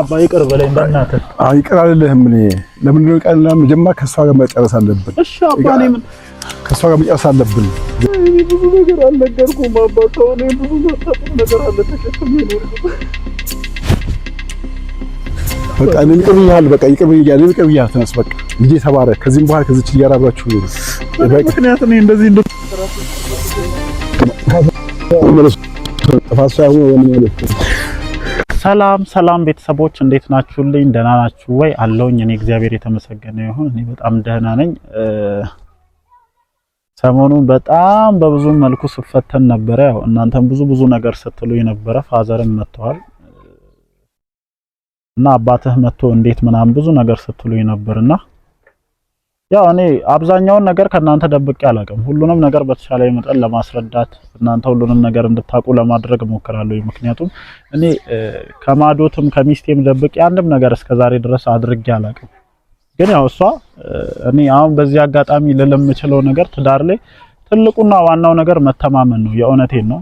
አባ ይቅር በለኝ በእናትህ። አይ ይቅር አልልህም። እኔ ለምንድን ነው ቃልና መጀመር ከእሷ ጋር መጨረስ አለብን። እሺ አባ እኔ ምን ከሷ ጋር መጨረስ አለብን። እኔ ብዙ ነገር አልነገርኩም አባ። ሰው እኔ ብዙ ነገር አለ ተሸክሜ ነው። በቃ እኔ ይቅር ብያለሁ። በቃ ይቅር ብያለሁ። ይቅር ይያል ተነስ በቃ ልጄ ተባረ ከዚህም በኋላ ከዚች ጋር አብራችሁ ነው። በቃ ምክንያት ነው እንደዚህ እንደ ተራሱ ተፋሳ ያው ነው ሰላም ሰላም ቤተሰቦች እንዴት ናችሁልኝ? ደህና ናችሁ ወይ? አለውኝ እኔ እግዚአብሔር የተመሰገነ ይሁን እኔ በጣም ደህና ነኝ። ሰሞኑን በጣም በብዙ መልኩ ስፈተን ነበረ። ያው እናንተም ብዙ ብዙ ነገር ስትሉ ነበረ። ፋዘርም መጥተዋል እና አባትህ መጥቶ እንዴት ምናምን ብዙ ነገር ስትሉ ነበርና ያው እኔ አብዛኛውን ነገር ከእናንተ ደብቄ አላውቅም። ሁሉንም ነገር በተሻለ መጠን ለማስረዳት እናንተ ሁሉንም ነገር እንድታውቁ ለማድረግ እሞክራለሁ። ምክንያቱም እኔ ከማዶትም ከሚስቴም ደብቄ አንድም ነገር እስከዛሬ ድረስ አድርጌ አላውቅም። ግን ያው እሷ እኔ አሁን በዚህ አጋጣሚ ልል የምችለው ነገር ትዳር ላይ ትልቁና ዋናው ነገር መተማመን ነው። የእውነቴን ነው።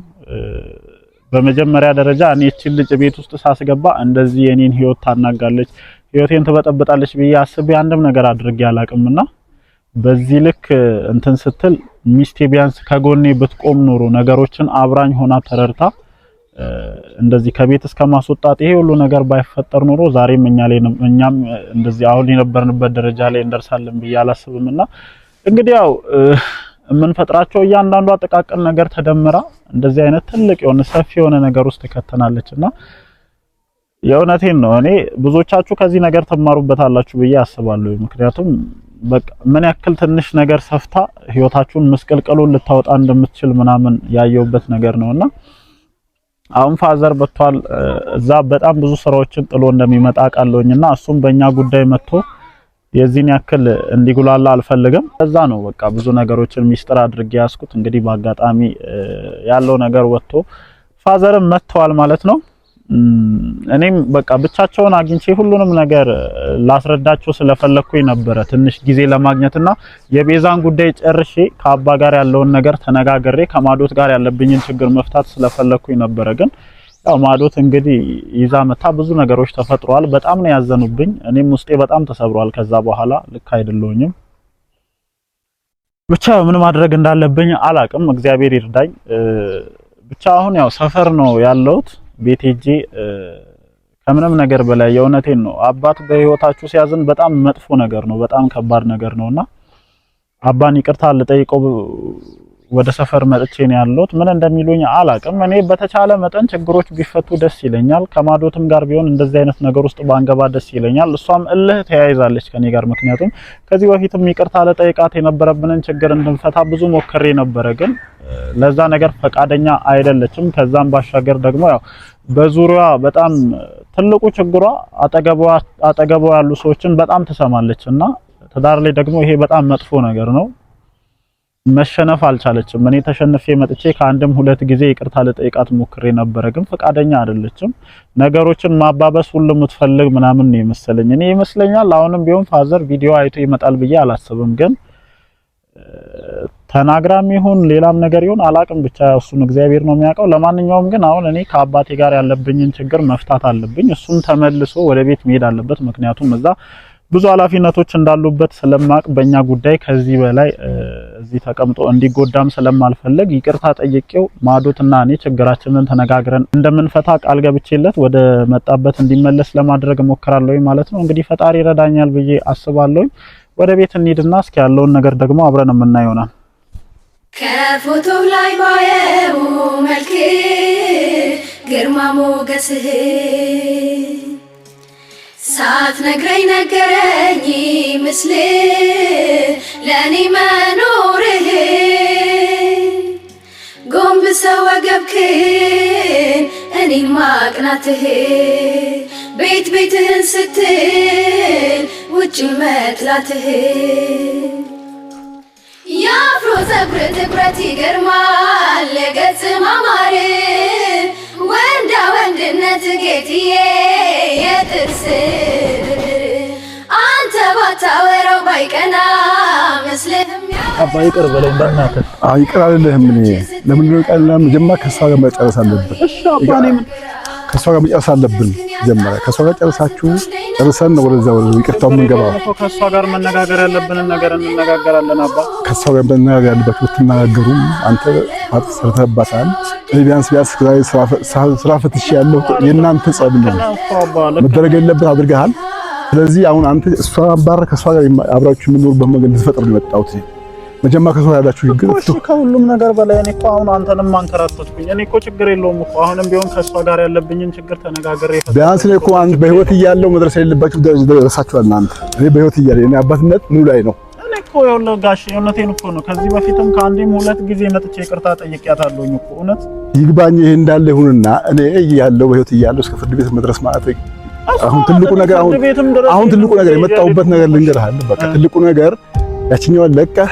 በመጀመሪያ ደረጃ እኔ እቺን ልጅ ቤት ውስጥ ሳስገባ እንደዚህ የኔን ህይወት ታናጋለች፣ ህይወቴን ትበጠብጣለች ብዬ አስቤ አንድም ነገር አድርጌ አላውቅምና በዚህ ልክ እንትን ስትል ሚስቴ ቢያንስ ከጎኔ ብትቆም ኖሮ ነገሮችን አብራኝ ሆና ተረድታ እንደዚህ ከቤት እስከ ማስወጣት ይሄ ሁሉ ነገር ባይፈጠር ኖሮ ዛሬም እኛ ላይ እኛም እንደዚህ አሁን የነበርንበት ደረጃ ላይ እንደርሳለን ብዬ አላስብም። እና እንግዲህ ያው የምንፈጥራቸው እያንዳንዱ አጠቃቀን ነገር ተደምራ እንደዚህ አይነት ትልቅ የሆነ ሰፊ የሆነ ነገር ውስጥ ትከተናለች እና የእውነቴን ነው እኔ ብዙዎቻችሁ ከዚህ ነገር ትማሩበታላችሁ ብዬ አስባለሁ። ምክንያቱም በቃ ምን ያክል ትንሽ ነገር ሰፍታ ህይወታችሁን ምስቅልቅሉን ልታወጣ እንደምትችል ምናምን ያየውበት ነገር ነውና አሁን ፋዘር በቷል እዛ በጣም ብዙ ስራዎችን ጥሎ እንደሚመጣ ቃለውኝና እሱም በእኛ ጉዳይ መጥቶ የዚህን ያክል እንዲጉላላ አልፈልግም። ከዛ ነው በቃ ብዙ ነገሮችን ሚስጥር አድርጌ ያስኩት። እንግዲህ በአጋጣሚ ያለው ነገር ወጥቶ ፋዘርም መጥተዋል ማለት ነው። እኔም በቃ ብቻቸውን አግኝቼ ሁሉንም ነገር ላስረዳቸው ስለፈለኩኝ ነበረ ትንሽ ጊዜ ለማግኘትና የቤዛን ጉዳይ ጨርሼ ከአባ ጋር ያለውን ነገር ተነጋግሬ ከማዶት ጋር ያለብኝን ችግር መፍታት ስለፈለኩኝ ነበረ። ግን ያው ማዶት እንግዲህ ይዛ መታ ብዙ ነገሮች ተፈጥሯል። በጣም ነው ያዘኑብኝ። እኔም ውስጤ በጣም ተሰብሯል። ከዛ በኋላ ልክ አይደለሁኝም። ብቻ ምን ማድረግ እንዳለብኝ አላቅም። እግዚአብሔር ይርዳኝ። ብቻ አሁን ያው ሰፈር ነው ያለሁት ቤት ሄጄ ከምንም ነገር በላይ የእውነቴን ነው አባት በህይወታችሁ ሲያዝን በጣም መጥፎ ነገር ነው፣ በጣም ከባድ ነገር ነውና አባን ይቅርታ ልጠይቀው ወደ ሰፈር መጥቼ ነው ያለሁት። ምን እንደሚሉኝ አላቅም። እኔ በተቻለ መጠን ችግሮች ቢፈቱ ደስ ይለኛል። ከማዶትም ጋር ቢሆን እንደዚህ አይነት ነገር ውስጥ ባንገባ ደስ ይለኛል። እሷም እልህ ተያይዛለች ከኔ ጋር። ምክንያቱም ከዚህ በፊትም ይቅርታ ለጠይቃት የነበረብንን ችግር እንድንፈታ ብዙ ሞክሬ ነበረ፣ ግን ለዛ ነገር ፈቃደኛ አይደለችም። ከዛም ባሻገር ደግሞ ያው በዙሪያ በጣም ትልቁ ችግሯ አጠገቧ ያሉ ሰዎችን በጣም ትሰማለች እና ትዳር ላይ ደግሞ ይሄ በጣም መጥፎ ነገር ነው። መሸነፍ አልቻለችም። እኔ ተሸንፌ መጥቼ ከአንድም ሁለት ጊዜ ይቅርታ ለጠይቃት ሞክሬ ነበረ፣ ግን ፈቃደኛ አይደለችም። ነገሮችን ማባበስ ሁሉ የምትፈልግ ምናምን ነው የመሰለኝ። እኔ ይመስለኛል አሁንም ቢሆን ፋዘር ቪዲዮ አይቶ ይመጣል ብዬ አላስብም። ግን ተናግራም ይሁን ሌላም ነገር ይሁን አላቅም፣ ብቻ እሱን እግዚአብሔር ነው የሚያውቀው። ለማንኛውም ግን አሁን እኔ ከአባቴ ጋር ያለብኝን ችግር መፍታት አለብኝ። እሱም ተመልሶ ወደ ቤት መሄድ አለበት። ምክንያቱም እዛ ብዙ ኃላፊነቶች እንዳሉበት ስለማቅ በእኛ ጉዳይ ከዚህ በላይ እዚህ ተቀምጦ እንዲጎዳም ስለማልፈለግ ይቅርታ ጠይቄው ማዶትና እኔ ችግራችንን ተነጋግረን እንደምንፈታ ቃል ገብቼለት ወደ መጣበት እንዲመለስ ለማድረግ እሞክራለሁ ማለት ነው። እንግዲህ ፈጣሪ ይረዳኛል ብዬ አስባለሁ። ወደ ቤት እንሂድና እስኪ ያለውን ነገር ደግሞ አብረን የምናየው ይሆናል። ከፎቶ ላይ ባየው መልክ ግርማ ሞገስህ ሳትነግረኝ ነገረኝ ምስል ለእኔ መኖርህ ጎንብሰህ ወገብክን እኔን ማቅናትህ ቤት ቤትህን ስትል ውጭ መጥላትህ የአፍሮ ፀጉር ትኩረት ይገርማል ለገጽ ማማር ወንዳ ወንድነት ጌትዬ የጥርስ ማታወራው ባይቀና መስልህም አባ ይቅር በለኝ በእናትህ። አይ ይቅር አይደለህም። እኔ ለምንድን ነው ቃልና መጀመሪያ ከእሷ ጋር መጨረስ አለብን። ከሷ ጋር መጨረስ አለብን። መጀመሪያ ከእሷ ጋር ጨርሳችሁ ጨርሰን ነው ወደዛ ወደ ይቅርታው የምንገባው። ከእሷ ጋር መነጋገር ያለብንን ነገር እንነጋገራለን። አባ ከእሷ ጋር መነጋገር ያለባችሁ ብትነጋገሩ። አንተ ፋጥ ሰርተህባታል። እኔ ቢያንስ ቢያንስ ስራ ፈትሼ ያለሁት የእናንተ ጸብ ነው። መደረግ የለበት አድርገሃል። ስለዚህ አሁን አንተ እሷ ባረ ከእሷ ጋር አብራችሁ የምንኖርበት መንገድ እንድትፈጥር ነው የመጣሁት። መጀመሪያ ከእሷ ጋር ያላችሁ ችግር ከሁሉም ነገር በላይ እኔ እኮ አሁን አንተንም ማንከራተትኩኝ። እኔ እኮ ችግር የለውም እኮ አሁንም ቢሆን ከእሷ ጋር ያለብኝን ችግር ተነጋግሬ ቢያንስ እኔ እኮ አንድ በህይወት እያለሁ መድረስ የሌለባችሁ ደረሳችኋል እናንተ። እኔ በህይወት እያለሁ እኔ አባትነት ምኑ ላይ ነው? እኔ እኮ ይኸውልህ ጋሼ እውነቴን እኮ ነው። ከዚህ በፊትም ከአንዴም ሁለት ጊዜ መጥቼ ይቅርታ ጠይቄያታለሁኝ እኮ እውነት ይግባኝ። ይሄ እንዳለ ይሁንና እኔ እያለሁ በህይወት እያለሁ እስከ ፍርድ ቤት መድረስ ማለት አሁን ትልቁ ነገር አሁን ትልቁ ነገር የመጣሁበት ነገር ልንገርሃል። በቃ ትልቁ ነገር ያችኛዋን ለቀህ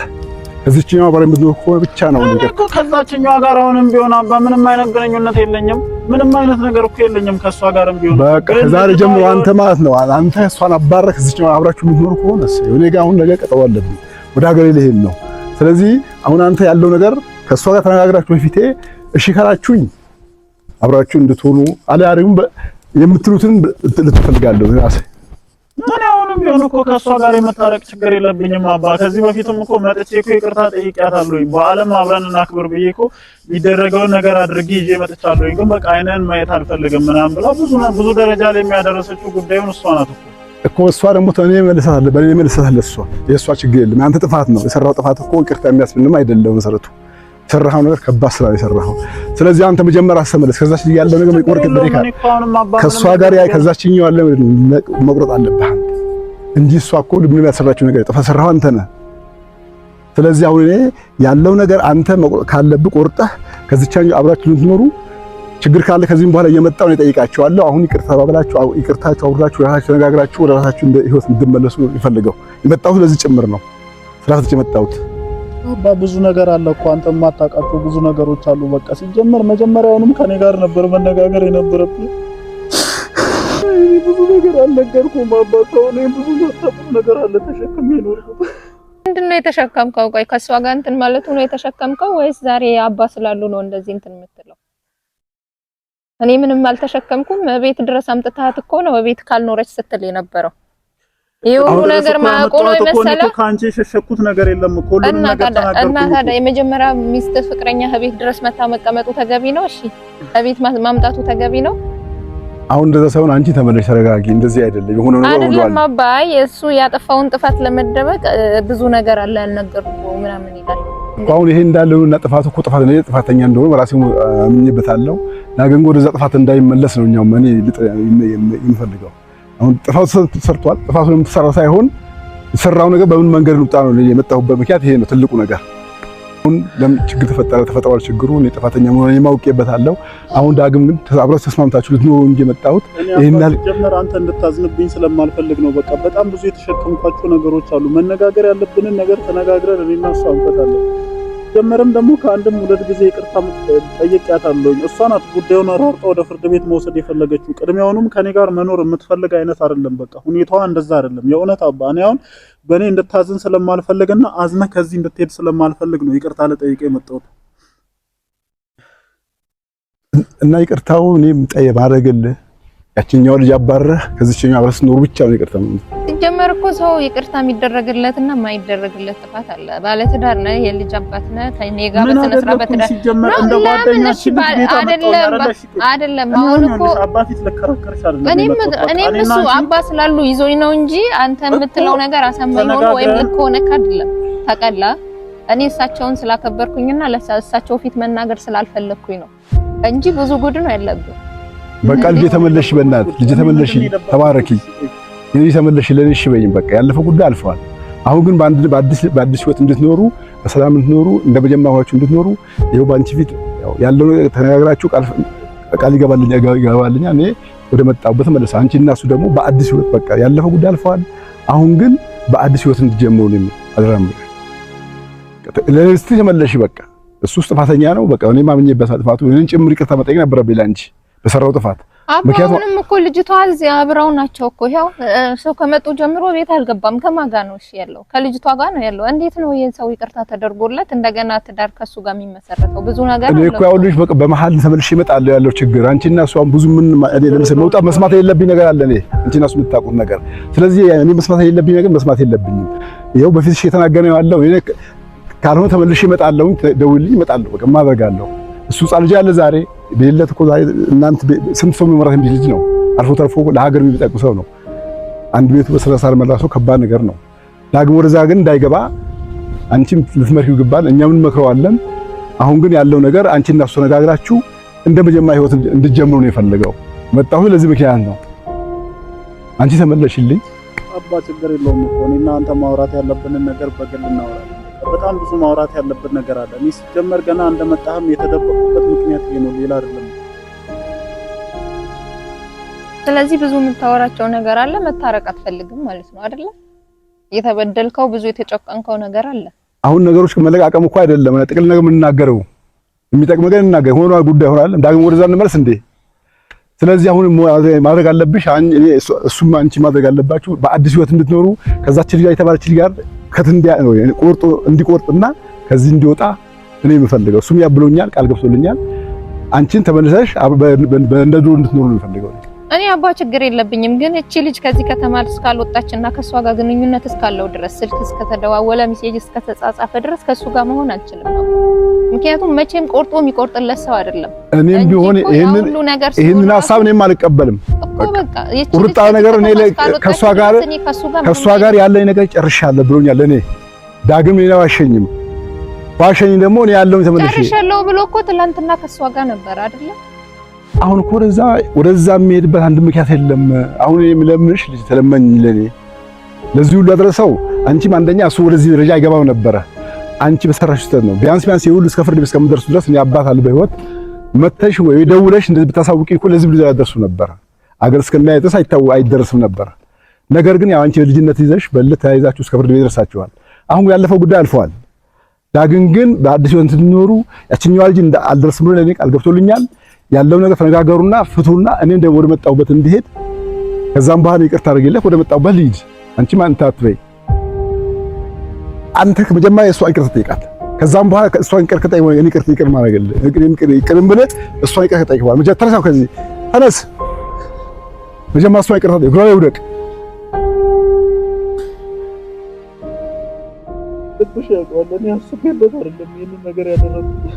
እዚችኛዋ ባለ የምትኖር ከሆነ ብቻ ነው ነገር እኮ ከዛችኛዋ ጋር አሁንም ቢሆን አባ ምንም አይነት ግንኙነት የለኝም። ምንም አይነት ነገር እኮ የለኝም ከእሷ ጋርም ቢሆን በቃ ከዛሬ ጀምሮ አንተ ማለት ነው አንተ እሷን አባረክ እዚችኛዋ አብራችሁ የምትኖር ከሆነ እኔ ጋር አሁን ነገር ቀጠሮ አለብኝ፣ ወደ ሀገሬ ልሄድ ነው። ስለዚህ አሁን አንተ ያለው ነገር ከእሷ ጋር ተነጋግራችሁ በፊቴ እሺ ካላችሁኝ አብራችሁ እንድትሆኑ አለ አሪም የምትሉትን ልትፈልጋለሁ ራሴ እኔ አሁንም ቢሆን እኮ ከእሷ ጋር የመታረቅ ችግር የለብኝም አባ። ከዚህ በፊትም እኮ መጥቼ እኮ ይቅርታ ጠይቂያታለሁኝ። በዓለም አብረን እናክብር ብዬ እኮ የሚደረገውን ነገር አድርጌ ይዤ መጥቻለሁኝ። ግን በቃ አይነን ማየት አልፈልግም ምናምን ብላ ብዙ ብዙ ደረጃ ላይ የሚያደረሰችው ጉዳዩን እሷ ናት እኮ እኮ እሷ ደግሞ ተኔ መልሳታለሁ፣ በእኔ መልሳታለሁ። እሷ የእሷ ችግር የለም። አንተ ጥፋት ነው የሰራው ጥፋት እኮ ይቅርታ የሚያስብልም አይደለም መሰረቱ ሰራኸው ነገር ከባድ ስራ ነው የሰራኸው። ስለዚህ አንተ መጀመሪያ አሰመለስ ከዛች ያለው ነገር መቆርጥ በሪካ ከሷ ጋር ያ ከዛችኛው ያለው መቁረጥ አለብህ። እንጂ እሷ እኮ ልብ ምንም ያሰራችው ነገር የጠፋ ሰራኸው አንተ ነህ። ስለዚህ አሁን እኔ ያለው ነገር አንተ መቁረጥ ካለብህ ቆርጠህ ከዚቻኛው አብራችሁ ልትኖሩ ችግር ካለ ከዚህም በኋላ እየመጣሁ ነው እጠይቃችኋለሁ። አሁን ይቅርታ ተባብላችሁ ይቅርታችሁ አውርዳችሁ ራሳችሁ ተነጋግራችሁ ወደ ራሳችሁ ህይወት እንድመለሱ ይፈልገው የመጣሁት ለዚህ ጭምር ነው ስራ ተጨመጣሁት አባ ብዙ ነገር አለ እኮ አንተ የማታውቃቸው ብዙ ነገሮች አሉ። በቃ ሲጀመር መጀመሪያውንም ከኔ ጋር ነበር መነጋገር የነበረብኝ። ብዙ ነገር አልነገርኩም አባ። ከሆነ ብዙ ነገር አለ ተሸክሜ ነው። ምንድን ነው የተሸከምከው? ቆይ ከእሷ ጋር እንትን ማለቱ ነው የተሸከምከው ወይስ ዛሬ አባ ስላሉ ነው እንደዚህ እንትን የምትለው? እኔ ምንም አልተሸከምኩም። ቤት ድረስ አምጥታት እኮ ነው ቤት ካልኖረች ስትል የነበረው ይሄ ነገር ማቆም ነው ከአንቺ የሸሸኩት ነገር የለም እኮ እና ታዲያ የመጀመሪያ ሚስት ፍቅረኛ ከቤት ድረስ መታ መቀመጡ ተገቢ ነው? እሺ ከቤት ማምጣቱ ተገቢ ነው? አሁን እንደዛ ሳይሆን አንቺ ተመለሽ፣ ተረጋጊ። እንደዚህ አይደለም የሆነ ነው አይደለም። አባይ እሱ ያጠፋውን ጥፋት ለመደበቅ ብዙ ነገር አለ ያልነገሩ ምናምን ይላል አሁን ይሄ እንዳለው እና እኮ ጥፋት ነው። ጥፋተኛ እንደሆነ ራሴ አምኜበታለሁ። ወደዛ ጥፋት እንዳይመለስ ነው እኛው የምፈልገው አሁን ጥፋቱ ተሰርቷል። ጥፋቱ የምትሰራ ሳይሆን የሰራው ነገር በምን መንገድ ልውጣ ነው የመጣሁበት ምክንያት ይሄ ነው ትልቁ ነገር። አሁን ለምን ችግር ተፈጠረ ተፈጥሯል ችግሩ እኔ ጥፋተኛ መሆን እኔ ማውቄበታለሁ። አሁን ዳግም ግን አብራችሁ ተስማምታችሁ ልትኖሩ እንጂ የመጣሁት ይሄናል። ጀመር አንተ እንድታዝንብኝ ስለማልፈልግ ነው። በቃ በጣም ብዙ የተሸከምኳቸው ነገሮች አሉ። መነጋገር ያለብንን ነገር ተነጋግረን እኔና እሷ እንፈታለን። ሲጀመርም ደግሞ ከአንድም ሁለት ጊዜ ይቅርታ ጠይቄያታለሁ። እሷ ናት ጉዳዩን ሯርጣ ወደ ፍርድ ቤት መውሰድ የፈለገችው። ቅድሚያውኑም ከኔ ጋር መኖር የምትፈልግ አይነት አይደለም። በቃ ሁኔታዋ እንደዛ አይደለም። የእውነት አባ እኔ አሁን በእኔ እንድታዝን ስለማልፈልግና አዝነ ከዚህ እንድትሄድ ስለማልፈልግ ነው ይቅርታ ልጠይቅ የመጣሁት እና ይቅርታው እኔም ጠየ ማድረግልህ ያችኛው ልጅ አባረህ ከዚችኛው አብረህ ስትኖር ብቻ ነው ይቅርታ ነው ሲጀመር እኮ ሰው ይቅርታ የሚደረግለትና የማይደረግለት ጥፋት አለ። ባለትዳር ነ የልጅ አባት ነ ከኔ ጋር በስነ ስርዓት አሁን እኮ እኔም እሱ አባት ስላሉ ይዞኝ ነው እንጂ አንተ የምትለው ነገር አሳማኝ ሆኖ ወይም ልክ ሆነ አይደለም። ተቀላ እኔ እሳቸውን ስላከበርኩኝና ለእሳቸው ፊት መናገር ስላልፈለግኩኝ ነው እንጂ ብዙ ጉድ ነው ያለብን። በቃ ልጅ ተመለሽ፣ በእናት ልጅ ተመለሽ፣ ተባረኪ የዚህ ተመለሽልን እሺ በይኝ በቃ ያለፈው ጉዳይ አልፈዋል። አሁን ግን በአንድ በአዲስ በአዲስ ህይወት እንድትኖሩ በሰላም እንድትኖሩ እንደ እንድትኖሩ ይሄው ባንቺ ፊት ያለው ተነጋግራችሁ ቃል ቃል ይገባልኛ ይገባልኛ እኔ ወደ መጣሁበት መለሰ። አንቺ እና እሱ ደግሞ በአዲስ ህይወት በቃ ያለፈው ጉዳይ አልፈዋል። አሁን ግን በአዲስ ህይወት እንድትጀምሩ ነው አደራም ለስቲ ተመለሽ በቃ እሱ ጥፋተኛ ነው በቃ እኔ ማምኜበት ጥፋቱ እኔን ጭምር ይቅርታ መጠየቅ ነበረብኝ ላንቺ በሰራው ጥፋት አብረውንም እኮ ልጅቷ እዚህ አብረው ናቸው እኮ ያው ሰው ከመጡ ጀምሮ ቤት አልገባም። ከማን ጋር ነው እሺ ያለው? ከልጅቷ ጋር ነው ያለው። እንዴት ነው ይሄን ሰው ይቅርታ ተደርጎለት እንደገና ትዳር ከሱ ጋር የሚመሰረተው? ብዙ ነገር አለ እኮ ያው ልጅ በመሀል ተመልሼ እመጣለሁ ያለው ችግር አንቺና እሱ አሁን ብዙ ምን እኔ ለምሳሌ መውጣት መስማት የለብኝ ነገር አለ እኔ አንቺና እሱ የምታውቁት ነገር። ስለዚህ እኔ መስማት የለብኝ ነገር መስማት የለብኝም። ይኸው በፊት እሺ ነው ያለው እኔ ካልሆነ ተመልሼ እመጣለሁ፣ ደውልኝ፣ እመጣለሁ፣ በቃ ማደርጋለሁ። እሱ ጻልጃ ያለ ዛሬ ቤሌት እኮ እናንተ ስንት ሰው የሚመራት የሚል ልጅ ነው። አልፎ ተርፎ ለሀገር የሚጠቅም ሰው ነው። አንድ ቤቱ በስራ ሳር መላሰው ከባድ ነገር ነው። ዳግም ወደዛ ግን እንዳይገባ አንቺም ልትመርኪው ይገባል፣ እኛም እንመክረዋለን። አሁን ግን ያለው ነገር አንቺ እና እሱ ነጋግራችሁ እንደ መጀመሪያ ህይወት እንድትጀምሩ ነው የፈለገው። መጣሁ ለዚህ ምክንያት ነው። አንቺ ተመለሽልኝ። አባ ችግር የለውም እኮ እና አንተ ማውራት ያለብንን ነገር በግል እናወራለን። በጣም ብዙ ማውራት ያለበት ነገር አለ። እኔ ሲጀመር ገና እንደመጣህም የተደበቁበት ምክንያት ይሄ ነው፣ ሌላ አይደለም። ስለዚህ ብዙ የምታወራቸው ነገር አለ። መታረቅ አትፈልግም ማለት ነው አይደለ? የተበደልከው ብዙ የተጨቀንከው ነገር አለ። አሁን ነገሮች መለቃቀም እኮ አይደለም፣ ጥቅል ነገር የምንናገረው የሚጠቅም ነገር እናገር ሆኗል፣ ጉዳይ ሆኗል። ዳግም ወደዛ እንመለስ እንዴ? ስለዚህ አሁን ማድረግ አለብሽ፣ እሱም አንቺ ማድረግ አለባችሁ፣ በአዲስ ህይወት እንድትኖሩ ከዛች ልጅ የተባለች ልጅ ጋር ቁርጡ እንዲቆርጥና ከዚህ እንዲወጣ እኔ የምፈልገው እሱም ያብሎኛል፣ ቃል ገብቶልኛል። አንቺን ተመልሰሽ በእንደ ድሮ እንድትኖሩ ነው የምፈልገው። እኔ አባ ችግር የለብኝም፣ ግን እቺ ልጅ ከዚህ ከተማ እስካልወጣች እና ከእሷ ጋር ግንኙነት እስካለው ድረስ ስልክ እስከተደዋወለ ሚሴጅ እስከተጻጻፈ ድረስ ከእሱ ጋር መሆን አልችልም። ምክንያቱም መቼም ቆርጦ የሚቆርጥለት ሰው አይደለም። እኔም ቢሆን ይህንን ሀሳብ እኔም አልቀበልም። ቁርጣ ነገር እኔ ከእሷ ጋር ከእሷ ጋር ያለኝ ነገር ጨርሻለሁ ብሎኛል። እኔ ዳግም ሌላ ዋሸኝም ባሸኝ ደግሞ እኔ ያለውን ተመልሼ ጨርሻለሁ ብሎ እኮ ትላንትና ከእሷ ጋር ነበር አይደለም አሁን እኮ ወደዛ ወደዛ የሚሄድበት አንድ ምክንያት የለም። አሁን እኔ ለምንሽ ልጅ ተለመኝ ለኔ ለዚህ ሁሉ ያደረሰው አንቺም አንደኛ እሱ ወደዚህ ደረጃ አይገባም ነበረ። አንቺ በሰራሽ ስህተት ነው። ቢያንስ ቢያንስ የሁሉ እስከ ፍርድ ቤት እስከምደርሱ ድረስ እኔ አባት አለ በህይወት መተሽ ወይ ደውለሽ እንደዚህ ብታሳውቂ እኮ ለዚህ ብሎ ያደርሱ ነበር። አገር እስከሚያይ ድረስ አይታወ አይደርስም ነበር። ነገር ግን ያው አንቺ ልጅነት ይዘሽ በልት ተያይዛችሁ እስከ ፍርድ ቤት ደርሳችኋል። አሁን ያለፈው ጉዳይ አልፈዋል። ዳግን ግን በአዲስ ወንት እንድትኖሩ ያችኛዋ ልጅ አልደርስም ብሎ ለኔ ቃል ገብቶልኛል። ያለው ነገር ተነጋገሩና ፍቱና እኔ እንደ ወደ መጣሁበት እንዲሄድ ከዛም በኋላ ይቅርታ አድርጌለህ ወደ መጣሁበት ልሂድ። አንቺ ማን ታትበይ አንተ ከመጀመሪያ እሷን ይቅርታ ጠይቃት። ከዛም በኋላ እሷን ይቅር ከጠይቅ ወይ እኔ ይቅር ይቅር ማረገል ይቅር ይቅር ይቅር ብለህ እሷ ይቅር ከጠይቅ በኋላ መጀመሪያ ተነሳው ከዚህ ተነስ መጀመሪያ እሷ ይቅርታ ጠይቅ ግራ ይውደቅ ትንሽ ያውቀዋል። እኔ አስቤበት አይደለም ይህንን ነገር ያደረኩት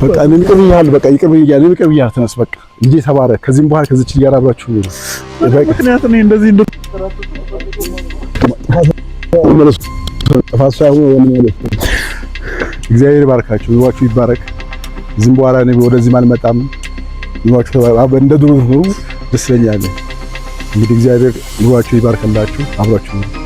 በቃ እኔ ይቅር ብያለሁ፣ በቃ ይቅር ብያለሁ፣ ይቅር ብያለሁ። ተነስ በቃ ልጄ ተባረክ። ከዚህም በኋላ ከዚች ጋር አብራችሁ ነው ምክንያት ነው እንደዚህ እንደ እግዚአብሔር ይባርካችሁ፣ ይዋችሁ ይባረክ። ዝም በኋላ እኔ ወደዚህ አልመጣም። ይዋችሁ ተባረክ። እንደ ድሮ ኑሩ። ደስ ይለኛል። እንግዲህ እግዚአብሔር ይዋችሁ ይባርከላችሁ አብራችሁ